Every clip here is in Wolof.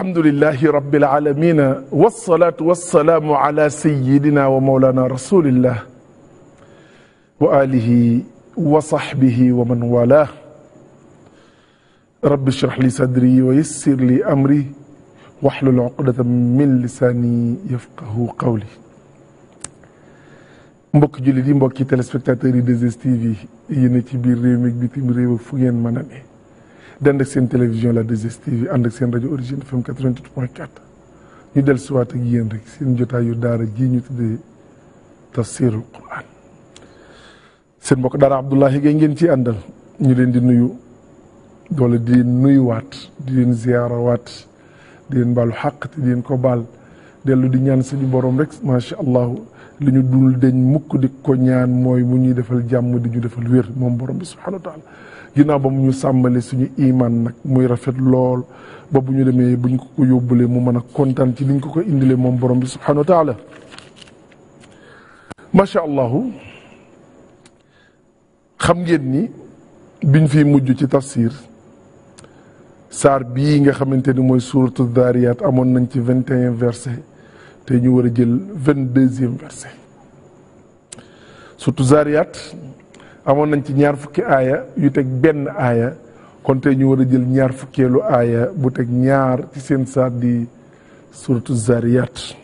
alhamdulilahi rabbil aalamiina wasalaatu wasalaamu ala sayyidina wa mawlaana rasulillah wa alihi wa sahbihi wa man walaah rabbi shrah li sadri wa yassir li amri wahlul uqdatan min lisaani yafqahu qawli mbokki jullit yi mbokki téléspectateurs yi 2STV yi yéen ci biir réew mi bitim réew fu ngeen mën a ne dend ak seen télévision la 2STV ànd ak seen rajo origine FM 88 ñu del siwaat ak yéen rek seen jotaayu daara jii ñu tuddee tafsirul quran seen mbokk daara Abdoulahi Gaye ngeen ci àndal ñu leen di nuyu doole di leen nuyuwaat di leen ziyaarawaat di leen baalu xàq te di leen ko baal dellu di ñaan suñu borom rek macha allah li ñu dul deñ mukk di ko ñaan mooy mu ñuy defal jàmm di ñu defal weer moom borom bi subhanahu wa ginnaaw ba mu ñu sàmmali suñu imaan nag muy rafet lool ba bu ñu demee buñ ko ko yóbbulee mu mën a kontaan ci niñ ko ko indilee moom borom bi subhanahu wa taala macha allahu xam ngeen ni biñ fi mujj ci tafsir saar bii nga xamante ni mooy suuratu Daariyaat amoon nañ ci vingt et un verset te ñu war a jël vingt deuxième verset surtout Zaariyaat amoon nañ ci ñaar fukki aaya yu teg benn aaya kon tey ñu war a jël ñaar fukkeelu aaya bu teg ñaar ci seen saat di suratu zariyat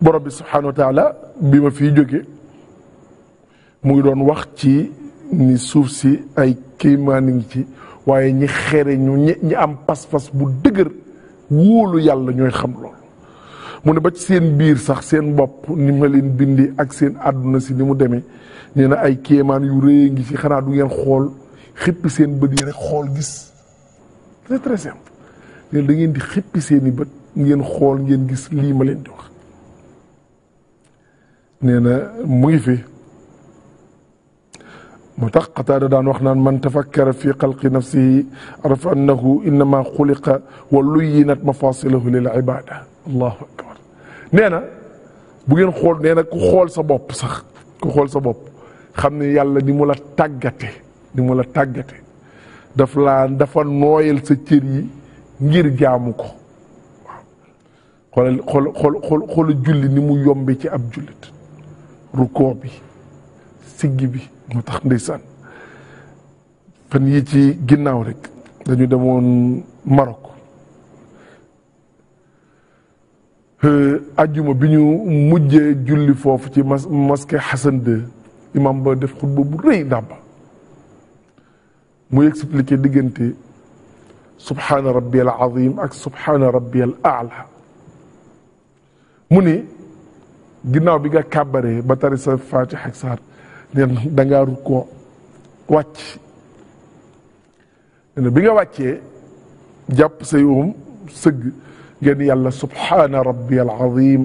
borom bi subhanahu wa bi ma fiy jóge mu ngi doon wax ci ni suuf si ay kéemaan ngi ci waaye ñi xere ñu ñi am pas-pas bu dëgër wóolu yàlla ñooy xam lool mu ne ba ci seen biir sax seen bopp ni ma leen bindi ak seen àdduna si ni mu demee nee na ay kéemaan yu rëy ngi fi xanaa du ngeen xool xippi seen bët yi rek xool gis c'est très simple ngeen xool ngeen gis lii ma leen di wax nee na mu ngi fi moo tax Qataada daan wax naan man tafakkara fi xalqi nafsihi arafa annahu innama xuliqa wa luyyinat mafaasilahu lil ibaada allahu akbar nee na bu ngeen xool nee ku xool sa bopp sax ku xool sa bopp xam ne yàlla ni mu la tàggate ni mu la tàggate daf laa dafa nooyal sa cër yi ngir jaamu ko waaw xool xool xool julli ni mu yombe ci ab jullit rukkoo bi siggi bi mu tax ndeysaan fan yi ci ginnaaw rek dañu demoon Maroc ajjuma bi ñu mujjee julli foofu ci mas mosquée Hassan imam ba def xutba bu rëy dàbba muy expliqué diggante subhaana rabbi al azim ak subhaana rabbi al aala mu ni ginnaaw bi nga kàbbaree ba tari sa faatixa ak saar neen dangaa rukkoo wàcc bi nga wàccee jàpp say oom sëgg ngeen yàlla subhaana rabbi al azim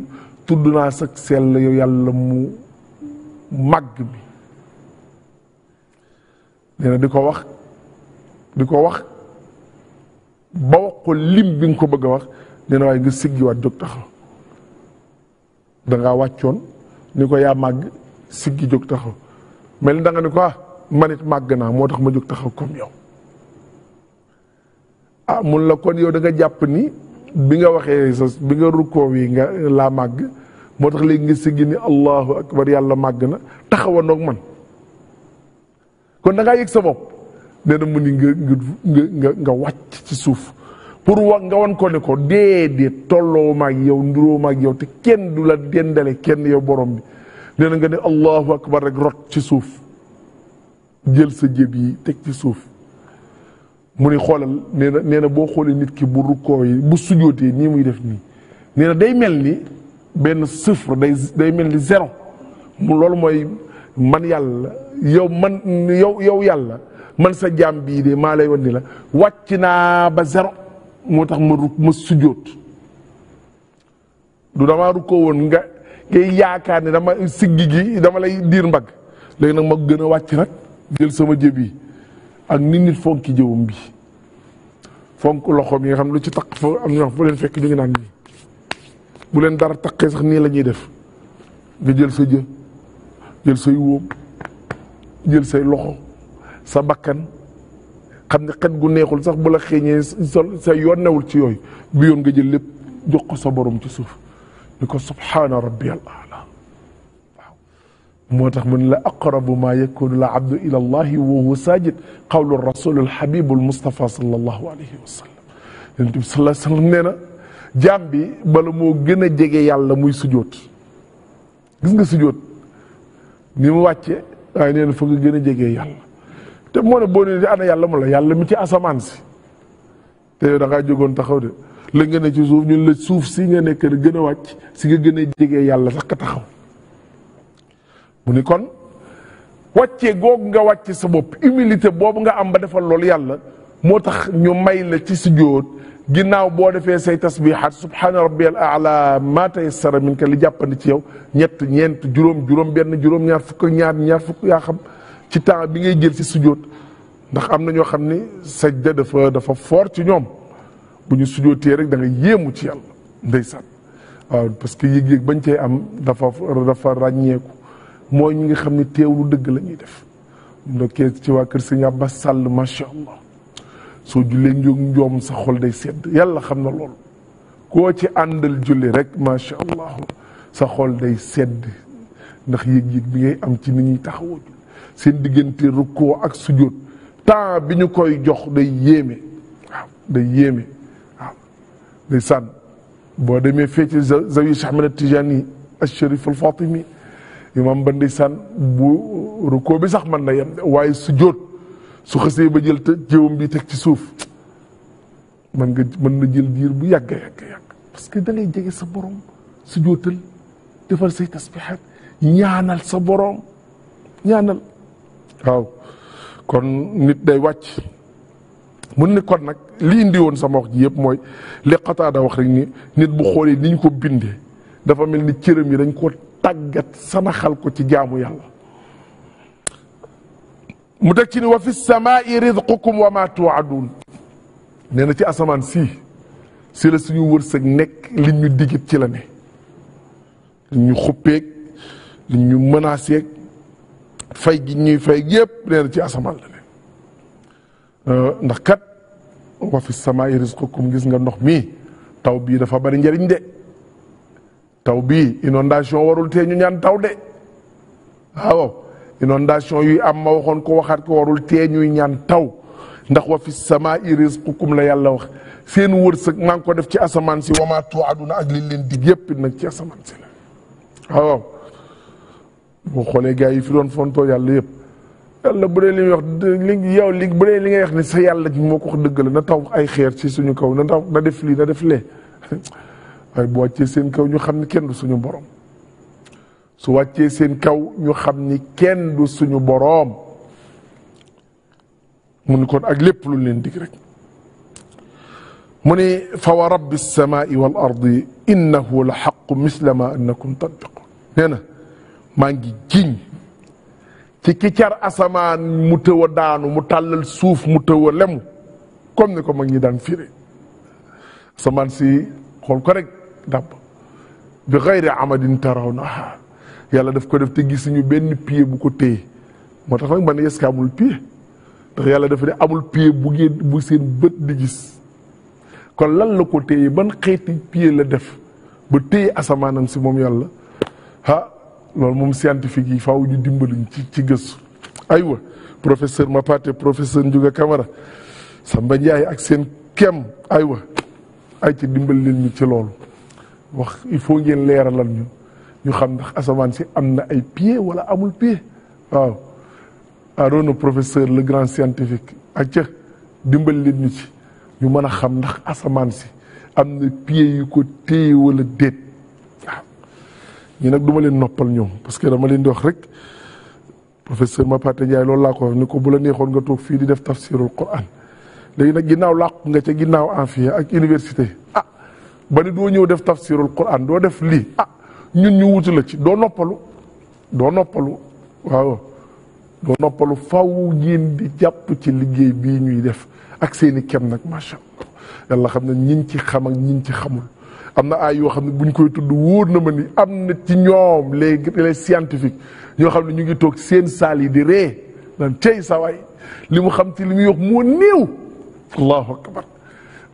tudd naa sag sell yow yàlla mu màgg bi nee di ko wax di ko wax ba wax ko lim bi nga ko bëgg a wax nee na waaye nga siggiwaat jóg taxaw da wàccoon ni ko yaa màgg siggi jóg taxaw mel da nga ko ah manit màgg naa moo tax ma jóg taxaw comme yow ah mun la kon yow da jàpp ni bi nga waxee sa bi nga rukkoo wi nga laa màgg moo tax léegi nga siggi ni allahu akbar yàlla màgg na taxawanoog man kon da ngaa yëg sa bopp nee na mu ni nga nga nga wàcc ci suuf pour wax nga wan ko ne ko déedéet tolloo maag yow nduroo maag yow te kenn du la dendale kenn yow borom bi nee na nga ne allahu akbar rek rot ci suuf jël sa jëb yi teg ci suuf mu ni xoolal nee na na boo xoolee nit ki bu rukkoo yi bu sujootee nii muy def nii nee na day mel ni benn chiffre day day mel ni zéro mu loolu mooy man yàlla yow man yow yow yàlla man sa jaam bii de maa lay wan ni la wàcc naa ba zéro moo tax ma ruk ma sujoot du damaa rukkoo woon nga ngay yaakaar ne dama sigg gi dama lay diir mbagg léegi nag ma gën a wàcc nag jël sama jëb yi ak nit nit fonki jëwum bi fonk loxoom yi nga xam lu ci taq fa am ñoo bu leen fekk ñu ngi naan nii bu leen dara taqee sax nii la def nga jël sa jë jël say wóom jël say loxo sa bakkan xam ne xet gu neexul sax bu la xeeñee sa yoon newul ci yooyu bi yoon nga jël lépp jox ko sa boroom ci suuf ni ko subhaana rabbiyal aala moo tax mu ne la aqrabu ma yakunu l abdu ila allahi wa huwa sajid qawlu rasul alhabib almustafa sallallahu alayhi wa sallam yonent bi sallallahu alayhi wa sallam nee na jaam bi bala moo gën a jege yàlla muy sujoot gis nga sujoot ni mu wàcce waaye nee fa nga gën a jege yàlla te moo ne boo nee di ana yàlla mu la yàlla mi ci asamaan si te yow jógoon taxaw de la nga a ci suuf ñun la suuf si nga nekk gën a wàcc si nga gën a jege yàlla sax ka taxaw mu ni kon wàcce googu nga wàcce sa bopp humilité boobu nga am ba defal loolu yàlla moo tax ñu may la ci sujjóot ginnaaw boo defee say tasbihaat subhaana rabbiyal aala maa tayassara minka li jàppandi ci yow ñett ñeent juróom juróom benn juróom ñaar fukk ñaar ñaar fukk yaa xam ci temps bi ngay jël ci sujjóot ndax am na ñoo xam ni sajda dafa dafa fort ci ñoom bu ñu sujjóotee rek da nga yéemu ci yàlla ndeysaan waaw parce que yëg-yëg bañ cee am dafa dafa ràññeeku mooy ñu nga xam ne teewlu dëgg la def ndokkee ci waa kër ba sàll Sall macha allah soo jullee njóog njoom sa xol day sedd yàlla xam na loolu koo ci àndal julli rek macha allah sa xol day sedd ndax yëg-yëg bi ngay am ci ni ñuy taxawoo seen diggante rukkoo ak sujjóot temps bi ñu koy jox day yéeme waaw day yéeme waaw day sànn boo demee fee ci zawiya Cheikh Ahmed Tijani al Sharif al Fatimi imam ba ndeysaan bu rukkoo bi sax man na yem waaye su jóot su xësee ba jël te jëwam bi teg ci suuf mën nga mën na jël diir bu yàgg yàgg yàgg parce que da ngay jege sa borom su jóotal defal say tasbixaat ñaanal sa borom ñaanal waaw kon nit day wàcc mën ne kon nag li indi woon sama wax ji yëpp mooy li Qataada wax rek ni nit bu xoolee ni ñu ko bindee dafa mel ni cëram yi dañ ko tàggat sanaxal ko ci jaamu yàlla mu teg ci ni wa fi samaai rizqukum wa ma tuwaadun nee na ci asamaan si si la suñu wërsëg nekk liñ ñu digit ci la ne liñ ñu xuppeeg li ñu menacé fay gi ñuy fay yépp nee ci asamaan la ne euh, ndax kat wa fi samaai rizqukum gis nga ndox mi taw bii dafa bari njëriñ de taw bii inondation warul tee ñu ñaan taw de waaw inondation yuy am ma waxoon ko waxaat ko warul tee ñuy ñaan taw ndax wa fi iris rizqukum la yàlla wax seen wërsëg maa ngi ko def ci asamaan si wamaa tuaduna ak li leen dig yépp nag ci asamaan si la waaw boo xoolee gars yi fi doon fontoo yàlla yëpp yàlla bu dee li ñuy wax li yow li bu li ngay wax ne sa yàlla ji moo ko wax na taw ay xeer ci suñu kaw na taw na def lii na def lee waaye bu wàccee seen kaw ñu xam ni kenn du suñu borom su wàccee seen kaw ñu xam ni kenn du suñu boroom mu ni kon ak lépp lu leen dig rek mu ni fa wa rabbi samaai wal ardi innahu la xaqu misla ma na maa ngi ci ki asamaan mu tëw daanu mu tàllal suuf mu tëw a lemu comme ni ko mag ñi daan firé asamaan si xool ko rek dàpp bi xayri amadin taraw na yàlla def ko def te gisuñu benn pied bu ko téye moo tax nag man est-ce amul pied ndax yàlla dafa ne amul pied bu ngeen bu seen bët di gis kon lan la ko téye ban xeeti pied la def ba téye asamaanam si moom yàlla ah loolu moom scientifique yi faaw ñu dimbaliñ ci ci gëstu aywa professeur Mapate professeur Ndiouga Camara Samba Ndiaye ak seen kem aywa ay ci dimbal leen ñu ci loolu wax il faut ngeen leeralal ñu ñu xam ndax asamaan si am na ay pieds wala amul pieds waaw Arona professeur le grand scientifique ak ca dimbal leen ñu ci ñu mën a xam ndax asamaan si am na pieds yu ko téye wala déet waaw ñu nag du ma leen noppal ñoom parce que dama leen di wax rek professeur Mapate Ndiaye loolu laa ko ni ko bu la neexoon nga toog fii di def tafsirul Quran léegi nag ginnaaw làqu nga ca ginnaaw en ak université ah! ba doo ñëw def tafsirul quran doo def lii ah ñun ñu wutu la ci doo noppalu doo noppalu waaw doo noppalu faw ngeen di jàpp ci liggéey bii ñuy def ak seeni kem nag macha allah yàlla xam ne ñiñ ci xam ak ñiñ ci xamul am na ay yoo xam ne buñ koy tudd wóor na ma ni am na ci ñoom les les scientifiques ñoo xam ne ñu ngi toog seen saal yi di ree naan tey sawaay li mu xam ci li muy wax moo néew allahu akbar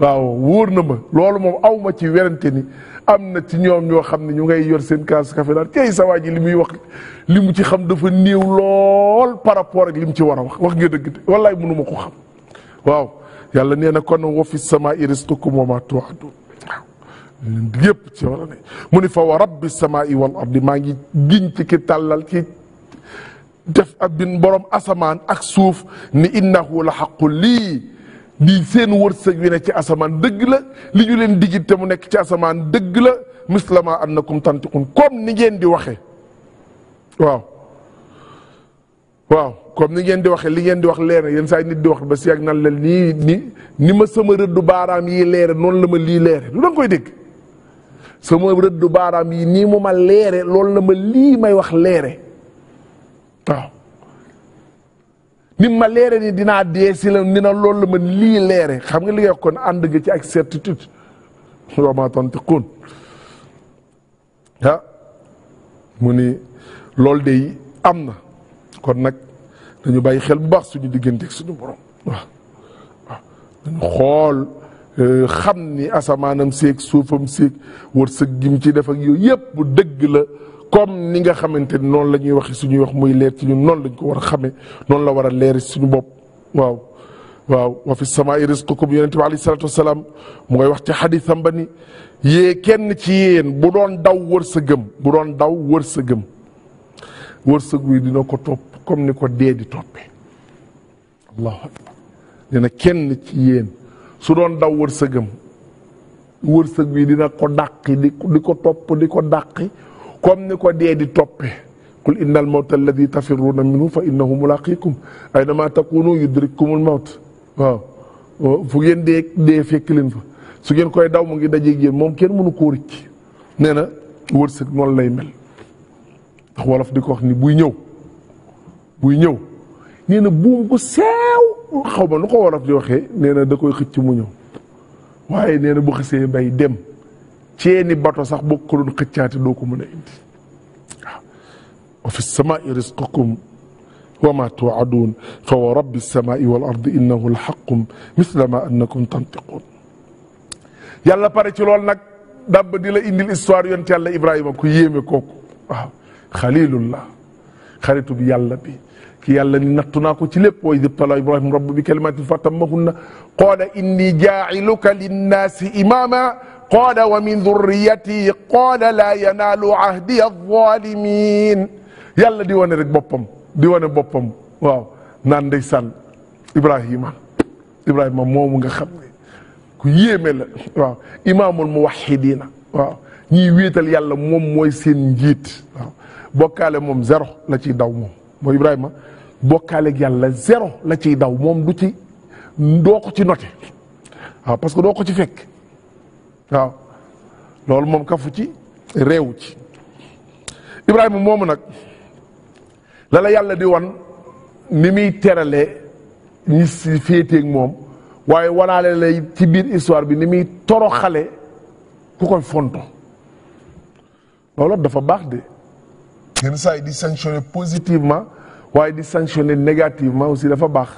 waaw wóor na ma loolu moom aw ci werante ni am na ci ñoom ñoo xam ne ñu ngay yor seen kaas café naan tey sa waa ji li muy wax li mu ci xam dafa néew lool par rapport ak li mu ci war a wax wax nga dëgg de wallaay mënu ma ko xam waaw yàlla nee na kon wa fi sama rizqukum wa ma tu'adun waaw yëpp ci war a ne mu fa wa rabbi samaa'i wal ardi maa ngi giñ ci ki tàllal ci def ab bin borom asamaan ak suuf ni innahu la xaqu lii lii seen wërsëg wi ne ci asamaan dëgg la li ñu leen digit te mu nekk ci asamaan dëgg la mislama annakum tantiqun kom ni ngeen di waxe waaw waaw comme ni ngeen di waxe li ngeen di wax leer na yenn saa nit di wax ba si ak nan la nii ni ni ma sama rëddu baaraam yi leere noonu la ma lii leere lu danga koy dégg sama rëddu baaraam yi nii mu ma leere lool la ma lii may wax leere waaw ni ma leere ni dinaa dee si la ni na loolu la man lii leere xam nga li ngay kon ànd nga ci ak certitude wa maa mu ni loolu de am na kon nag dañu bay xel bu baax suñu diggante suñu borom waaw dañu xool euh, xam ni asamaanam seeg suufam seeg wërsëg gi mu ci def ak yooyu yëpp bu dëgg la comme ni nga xamante ni noonu la ñuy waxee suñuy wax muy leer ci ñun noonu lañ ko war a xamee noonu la war a leer suñu bopp waaw waaw wa fi samaai risqukum yonente bi alayhi salaatu wasalaam mu ngay wax ci xadisam ba ni yée kenn ci yéen bu doon daw wër sa gëm bu doon daw wër sa gëm wërsëg wi dina ko topp comme ni ko dee di toppee allahu kenn ci yéen su doon daw wërsëgam wërsëg wi dina ko dàqi di ko topp di ko dàqi comme ni ko dee di toppe qul inna al mawta alladi tafirruuna minhu fa innahu mulaqikum aynama takunu yudrikkumul mawt waaw fu ngeen dee dee fekk leen fa su ngeen koy daw mu ngi dajeeg yéen moom kenn mënu koo rëcc nee na wërsëg noonu lay mel ndax wolof di ko wax ni buy ñëw buy ñëw nee na buum gu seew xaw ma nu ko wolof di waxee nee da koy xëcc mu ñëw waaye nee bu xësee bay dem ceeni bato sax boo ko doon xëccaati doo ko mën a indi waaw wa fi samaai risqukum wa ma tuwaadun fa wa rabbi samaai wal ardi innahu la xaqum misla ma annakum tantiqun yàlla pare ci lool nag dàbb di la indil histoire yonent yàlla ibrahima ku yéeme kooku waaw xalilullah xaritu bi yàlla bi ki yàlla naa ko ci lépp wa id ibtala ibrahima rabbu bi kalimatin fa tammahunna qaala inni jaaciluka linnaasi imaama قال ومن ذريتي قال لا ينال عهدي الظالمين yàlla di wane rek boppam di wane boppam waaw naan ndeysaan Ibrahima Ibrahima moomu nga xam ne ku yéeme la waaw imaamul muwaxidiina waaw ñiy wéetal yàlla moom mooy seen njiit waaw bokkaale moom zéro la ciy daw moom mooy Ibrahima bokkaaleeg yàlla zéro la ciy daw moom du ci doo ko ci noté waaw parce que doo ko ci fekk. waaw loolu moom kafu ci réew ci Ibrahima moomu nag la yàlla di wan ni muy terale ñi si féeteeg moom waaye wanaale lay ci biir histoire bi ni muy toroxale ku koy fonto loolu dafa baax de yenn saa yi di sanctionner positivement waaye di sanctionner négativement aussi dafa baax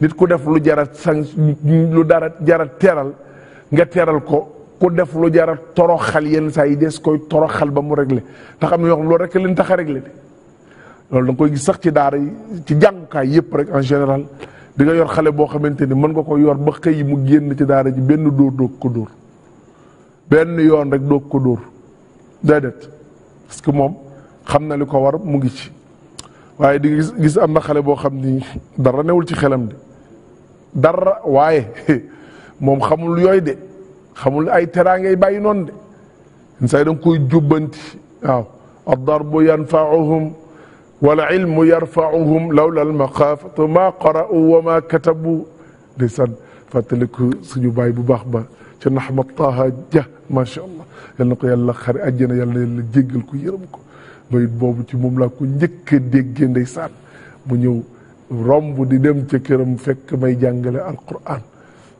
nit ku def lu jara san lu dara jara teral nga teral ko ku def lu jar a xal yenn saa yi des koy xal ba mu réglé te xam ne yoo xam rek leen tax a loolu da koy gis sax ci daara yi ci jàngukaay yëpp rek en général di nga yor xale boo xamante ni mën nga ko yor ba xëy mu génn ci daara ji benn dóor doo ko dóor benn yoon rek doo ko dóor déedéet parce moom xam na li ko war mu ngi ci waaye di gis gis am na xale boo xam ni dara newul ci xelam de dara waaye moom xamul yooyu de. xamul ay teraa bay bàyyi noonu de insa da nga koy jubbanti waaw addarbu yanfauhum wal ilmu yarfauhum lawla almaqaafatu ma qara'u wa ma katabu di san fàttaliku suñu bay bu baax ba ca naxma taha ja macha allah yal na ko yàlla xare àjjana na yàlla jéggal ko yërëm ko bayit boobu ci moom laa ko njëkk a déggee mu ñëw romb di dem ca këram fekk may jàngale alquran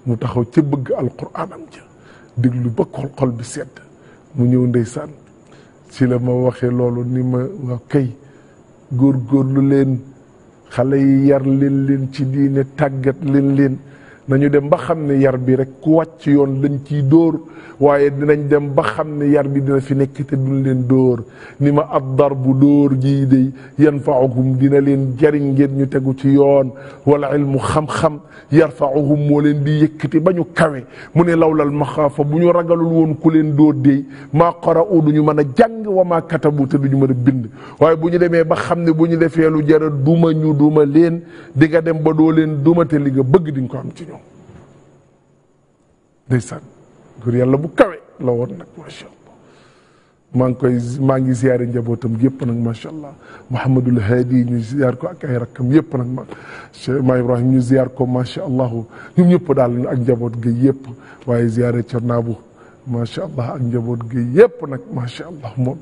mu taxaw ca bëgg alquran am ja déglu ba xol bi sedd mu ñëw ndeysaan ci la ma waxee loolu ni ma waa kay góor góorlu leen xale yi yar leen leen ci diine tàggat leen leen nañu dem ba xam ne yar bi rek ku wàcc yoon lañ ciy dóor waaye dinañ dem ba xam ne yar bi dina fi nekk te duñ leen dóor ni ma ab dar bu dóor jii de yanfauhum dina leen jariñ ngeen ñu tegu ci yoon wala ilmu xam-xam yarfauhum moo leen di yëkk ti ba ñu kawe mu ne lawlal maxaafa bu ñu ragalul woon ku leen dóor de maa qara'u du ñu mën a jàng wa maa katabu te du ñu mën bind waaye bu ñu demee ba xam ne bu ñu defee lu jara duma ñu duma leen di nga dem ba doo leen duma li bëgg di ko ndeysaan góor yàlla bu kawe la woon nag macha allah maa ngi koy maa ngi ziare njabootam yëpp nag macha allah Mouhamadul Hadi ñu ziar ko ak ay rakkam yëpp nag ma Ma Ibrahim ñu ziar ko macha allah ñun ñëpp daal ak njaboot gi yëpp waaye ziare Cernabu macha allah ak njaboot gi yëpp nag macha allah moom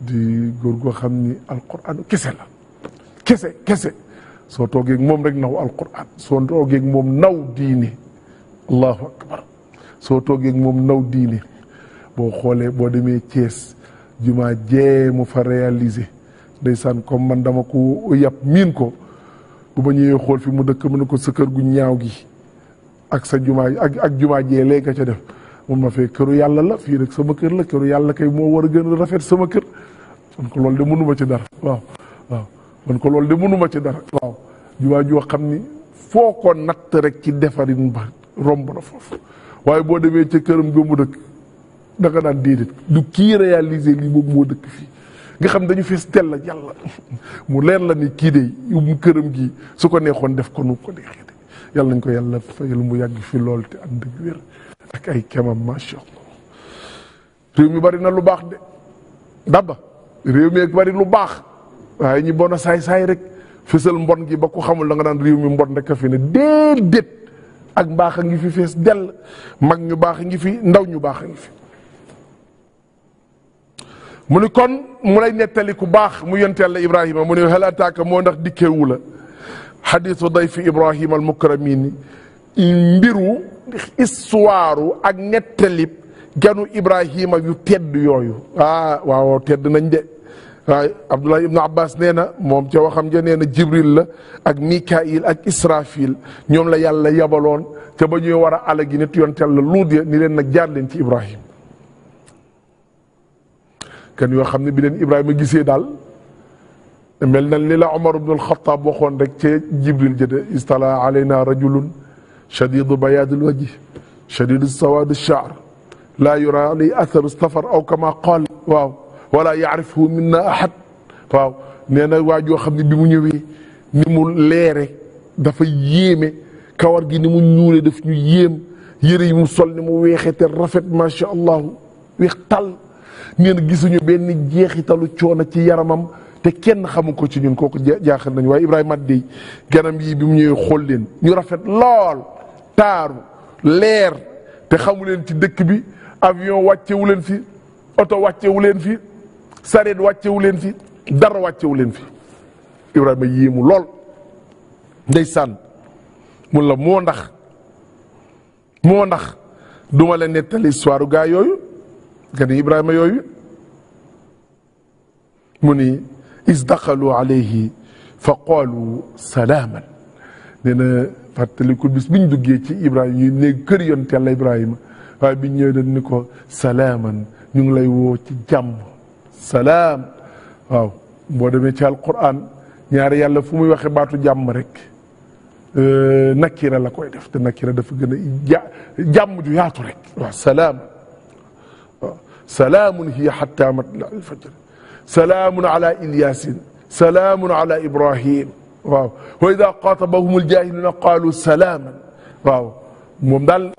di góor goo xam ni alquran kese la kese kese soo toogee moom rek naw alquran soo toogee moom naw diine allahu akbar soo toogee moom naw diine boo xoolee boo demee Thiès jumaa jee mu fa réaliser ndeysaan comme man dama ko yap miin ko bu ma ñëwee xool fi mu dëkk mën na ko sa kër gu ñaaw gi ak sa jumaa ak ak jumaa jee léegi nga ca def mun ma fee këru yàlla la fii rek sama kër la këru yàlla kay moo war a gën a rafet sama kër man ko loolu de mënuma ci dara waaw waaw man ko loolu de mënuma ci dara waaw jumaa joo xam ni foo ko natt rek ci defarin ba romb na foofu waaye boo demee ca këram ga mu dëkk danga naan déedéet du kii réaliser lii boobu moo dëkk fii nga xam dañu fees tell ak yàlla mu leen la ni kii de mu këram gi su ko neexoon def ko nu ko neexee de yàlla nañ ko yàlla fayal mu yàgg fi lool te ànd ak wér ak ay kemam macha allah réew mi bari na lu baax de dabba réew mi bari lu baax waaye ñu bon a saay saay rek fësal mbon gi ba ko xamul da nga naan réew mi mbon rek fi ne déedéet ak mbaax a ngi fi fees del mag ñu baax a ngi fi ndaw ñu baax a ngi fi mu ni kon mu lay nettali ku baax mu yonent la Ibrahima mu ne hal ataaka moo ndax dikkeewu la xadiisu dayfi Ibrahima al mukramiin mbiru histoire ak nettalib ganu Ibrahima yu tedd yooyu ah waaw tedd nañ de. waaye Abdullah ibnu Abbas nee na moom ca waxam ja nee na Jibril la ak Mikail ak Israfil ñoom la yàlla yabaloon ca ba ñuy war a alagi nit yonent Yàlla Luut ya ni leen nag jaar leen ci Ibrahim kan yoo xam ne bi leen Ibrahima gisee daal mel na li la Omar ibnu al-Xattaab waxoon rek ca Jibril jëde istala alayna rajulun shadidu bayadil wajhi shadidu sawadi sha'r laa yura li atharu safar aw kama qaal waaw wala yaarifuhu minna ahad waaw nee na waa joo xam ne bi mu ñëwee ni mu leere dafa yéeme kawar gi ni mu ñuulee def ñu yéem yére yi mu sol ni mu weexee te rafet macha allah weex tal nee gisuñu benn jeexitalu coono ci yaramam te kenn xamu ko ci ñun kooku jaaxal nañu waaye Ibrahima dey ganam yii bi mu ñëwee xool leen ñu rafet lool taaru leer te xamu leen ci dëkk bi avion wàccewu leen fi oto wàccewu leen fi sareet wàccewu leen fi dara wàccewu leen fi Ibrahima mu lool ndeysaan mun la moo ndax moo ndax duma la nettali histoire gaa yooyu nga Ibrahima yooyu mu ni is daqalu alayhi fa qaalu salaaman nee na fàttalikul bis biñ duggee ci Ibrahima yi néeg kër yonent Yàlla Ibrahima waaye biñ ñëwee dañ ni ko salaaman ñu ngi lay woo ci jàmm salaam waaw boo demee ci alquran ñaari yàlla fu muy waxe baatu jàmm rek euh, nakira la koy def te nakira dafa gën a jàmm ju yaatu rek waaw salaam waaw salaamun hiya xatta matla alfajr salaamun ala ilyasin salaamun ala ibrahim waaw wa ida xaatabahum aljahiluuna qaalu salaaman waaw moom daal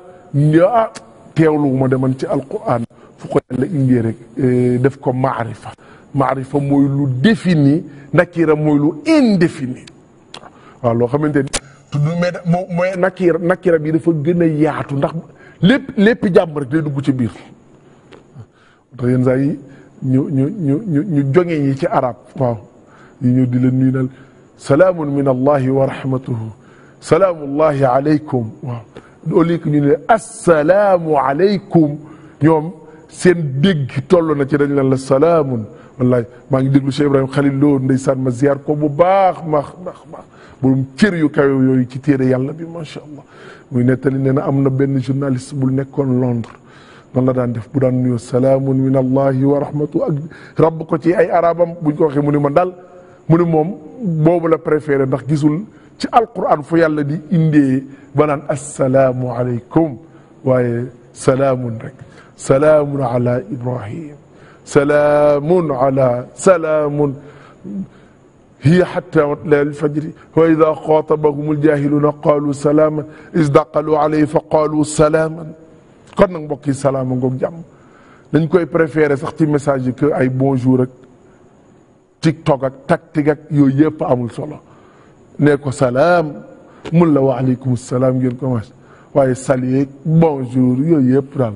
ah teewlu ma deman ci alquran fu ko yàlla rek eh, def ko maarifa maarifa mooy lu défini nakira mooy lu loo xamante ni tudd mais moo mooy nakira nakira bi dafa gën yaatu ndax lépp lépp jàmm rek day dugg ci biir tax yenn saa yi ñu ñu ñu ñu ci arab waaw ñu ñëw di leen nuyu naan salaamun min allahi wa rahmatuhu salaamullahi aleykum waaw au aleykum seen dégg toll na ci dañ leen la salaamun wallaay maa ngi déglu Cheikh Ibrahima Khalil Lo ndeysaan ma ziar ko bu baax maax maax maax borom cër yu kawe yooyu ci téere yàlla bi macha allah muy nettali nee na am na benn journaliste bu nekkoon Londres noonu la daan def bu daan nuyoo salaamun min allahi wa rahmatu ak rabb ko ci ay arabam buñ ko waxee mu ni man daal mu ni moom boobu la préféré ndax gisul ci alquran fu yàlla di indee ba naan assalaamu aleykum waaye salaamun rek salaamun ala ibrahim salaamun ala salaamun hiya xatta matla alfajri wa ida xaatabahum aljahiluuna qaalu salaaman isdaqalu alayhi fa qaalu salaaman kon nag mbokk yi salaama ngoog jàmm dañ koy préféré sax ci message yi que ay bonjour ak tiktok ak tactique ak yooyu yëpp amul solo nee ko salaam mun la waaleykum salaam ngeen commencé waaye saluer bonjour yooyu yëpp daal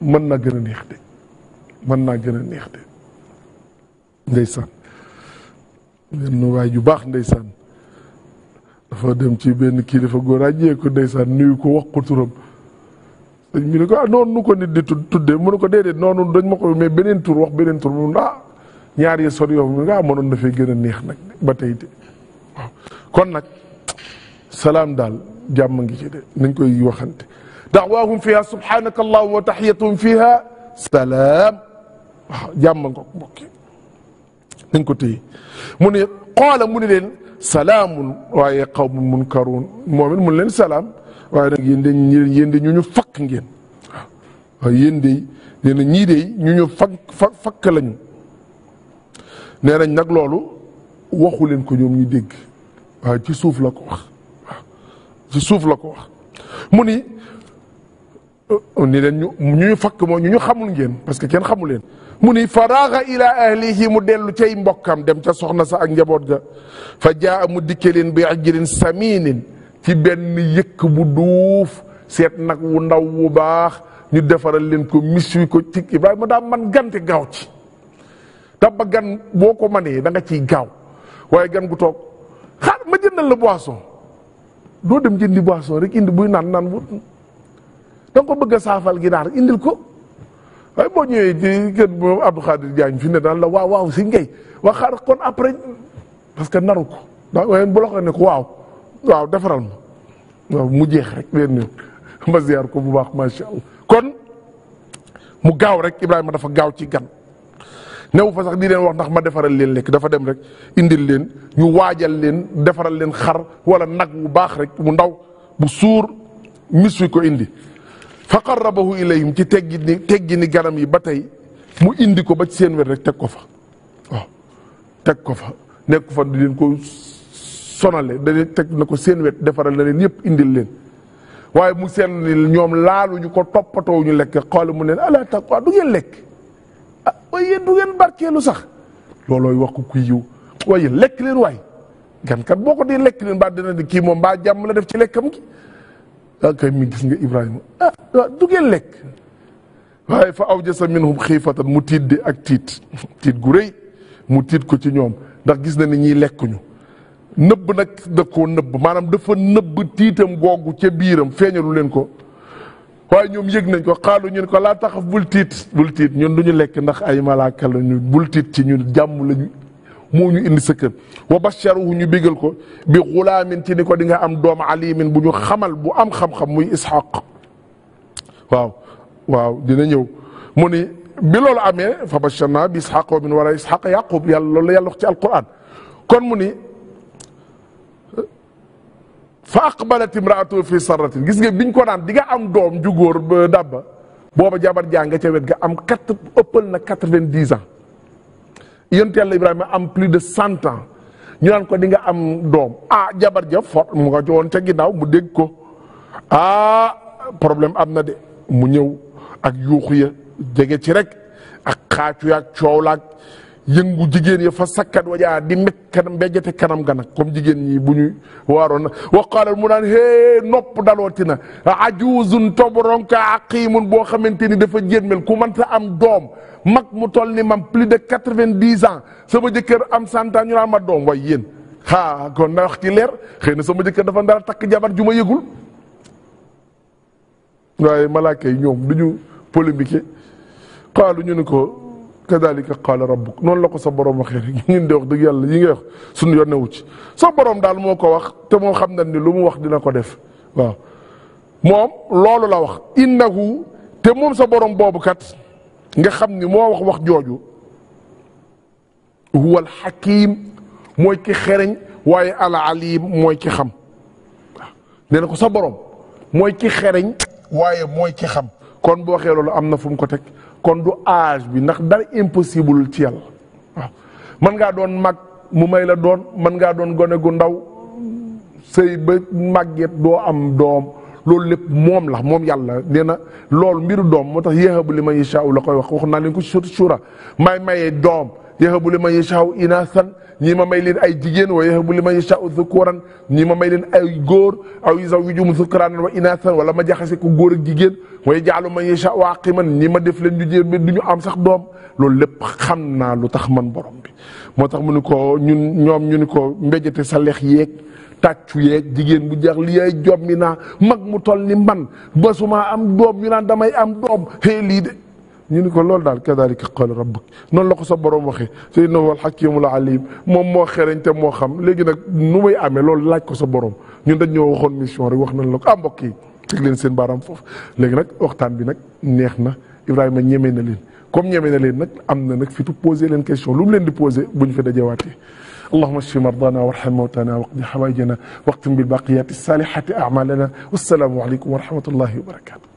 mën naa gën a neex de mën naa gën a neex de ndeysaan benn ju baax ndeysaan dafa dem ci benn kii kilifa góor ràññee ko ndeysaan nuyu ko wax ko turam sëñ bi ne ko ah noonu nu ko nit di tuddee mu ne ko déedéet noonu dañ ma ko mais beneen tur wax beneen tur mu ne ah ñaar yi sori yoo mu ne ah mënoon dafay gën a neex nag ba tey de kon nag salaam daal jàmm ngi ci de nañ koy waxante daxwaahum fiha subhanaka allahuma wa taxiyatum fiha salaam waaw jàmm nga mbokk nañ ko téye mu ne xoola mu ne leen salaamun waaye qawmun munkaruun moom it mu ne leen salaam waaye nag yéen de yéen de ñu ñu fakk ngeen waaw waaw ñii de ñu ñu nag loolu waxu leen ko ñoom ñu dégg waaye suuf la ko wax waaw suuf la ko wax mu ni Euh, ni leen ñu ñu fakk moo ñu ñu xamul ngeen parce que kenn xamul leen mu ni faraaxa ila ahlihi mu dellu cay mbokkam dem ca soxna sa ak njaboot ga fa jaa mu dikke leen bi ajrin saminin ci benn yëkk bu duuf seet nag wu ndaw wu baax ñu defaral leen ko mis wi ko ci Ibrahima daa man gante gaaw ci tabba gan boo ko manee danga ciy gaaw waaye gan gu toog xaar ma jëndal la boisson doo dem jëndi boisson rek indi buy naan naan wut da ko bëgg saafal ginaar indil ko waaye boo ñëwee ci kër moom fi ne daal la waaw waaw si ngay wax xaar kon après parce que naru ko ndax ne ko waaw waaw defaral ma waaw mu jeex rek benn yoon ma ziar ko bu baax macha allah kon mu gaaw rek Ibrahima dafa gaaw ci gan. new fa sax di leen wax ndax ma defaral leen lekk dafa dem rek indil leen ñu waajal leen defaral leen xar wala nag bu baax rek mu ndaw bu suur mis ko indi. fa qarrabahu ilayhim ci teggi ni teggi ni garam yi ba tey mu indi ko ba ci seen wet rek teg ko fa waaw teg ko fa nekk fa di leen ko sonale da leen teg na ko seen wet defaral na leen yëpp indil leen waaye mu seen ñoom laaluñu ko toppatoo ñu lekk xool mu neen ala taqwa du ngeen lekk ah waaye yéen du barkeelu sax loolooy wax ko kuy yiw waaye lekk leen waay gankat boo ko dee lekk leen ba dina di kii moom mbaa jàmm la def ci lekkam gi ah kay mi gis nga Ibrahima ah waaw du lekk waaye fa awjasa minhum xiifatan mu tiit de ak tiit tiit gu rëy mu tiit ko ci ñoom ndax gis na ni ñiy lekkuñu nëbb nag da koo nëbb maanaam dafa nëbb tiitam googu ca biiram feeñalu leen ko waaye ñoom yëg nañ ko xaalu ñun ko laa taxaf bul tiit bul tiit ñun du ñu lekk ndax ay malaaka la ñu bul tiit ci ñun jàmm lañu moo ñu indi sa kër wa basharuhu ñu bigal ko bi xulaamin ci ni ko dinga am doom alimin bu ñu xamal bu am xam-xam muy ishaq waaw waaw dina ñëw mu ni bi loolu amee fa basharna bi ishaq wa min wara ishaq yaqub yàlla loolu yàlla wax ci alquran kon mu ni fa aqbalat imraatu fi sarratin gis nga biñ ko naan di nga am doom ju góor ba daba booba jabar jàng ca wet ga am quatre ëppal na quatre vingt yonent yàlla Ibrahima am plus de cent ans ñu ko di nga am doom ah jabar ja fort mu nga woon ca ginnaaw mu dégg ko ah problème am na de mu ñëw ak yuuxu ya jege ci rek ak xaacu yaag coow laag yëngu jigéen ya fa sakkat wajaa di met kanam bejjate kanam ga nag comme jigéen ñi bu ñu waaroon na wa qaala mu naan hee nopp dalooti na ajuzun toboronka aqimun boo xamante ni dafa jénmel ku mënta am doom mag mu toll ni mam plus de quatre-vingt-dix ans sama jëkkër am santa ñu naan ma doom way yéen haa kon na wax ci leer xëy na sama jëkkër dafa ndara takk jabar ju ma yëgul waaye malaaka yi ñoom du ñu polémique ñu ni ko kadalika qaala rabbuk noonu la ko sa borom waxee rek ñun de wax dëgg yàlla yi ngay wax suñu yoon newu ci sa borom daal moo ko wax te moo xam na ni lu mu wax dina ko def waaw moom loolu la wax innahu te moom sa borom boobu kat nga xam ni moo wax wax jooju huwa al mooy ki xereñ waaye al alim mooy ki xam waaw nee na ko sa borom mooy ki xereñ waaye mooy ki xam kon boo waxee loolu am na fum ko teg kon du âge bi ndax dara impossible ci yàlla waaw mën ngaa doon mag mu may la doon mën ngaa doon gone gu ndaw sëy ba màgget doo am doom loolu lépp moom la moom yàlla nee na loolu mbiru doom moo tax yéexa bu li ma incha allah la koy wax wax naa leen ko surtout suura may maye doom. yahabu liman yashaau inaasan ñii ma may leen ay jigéen wa yahabu liman yashaau zukuran ñii ma may leen ay góor aw yuzawwijuhum zukraanan wa inaasan wala ma jaxase ko góor ak jigéen wa yaj'alu man yashaau aqiman ñii ma def leen ñu jéem bi ñu am sax doom loolu lépp xam naa lu tax man borom bi. moo tax mu ni ko ñun ñoom ñu ni ko mbéjate sa lex yeeg tàccu yeeg jigéen bu jeex li yaay jommi naa mag mu toll ni man ba am doom ñu naan damay am doom xëy lii de. ñu ni ko loolu daal kadalika qaala rabbuk noonu la ko sa borom waxee te innahu alxakimul alim moom moo xereñ te moo xam léegi nag nu muy amee loolu laaj ko sa borom ñun dañ ñoo waxoon mission rek wax nañ la ko ah mbokk yi teg leen seen baaraam foofu léegi nag waxtaan bi nag neex na Ibrahima ñeme na leen comme ñeme na leen nag am na nag fitu posé leen question lu mu leen di posé bu ñu fa dajewaatee allahuma shfi mardana warham mawtana waqdi xawaajana waqtim bilbaqiyati salihati amalana wassalaamu aleykum wa rahmatullahi wa barakatu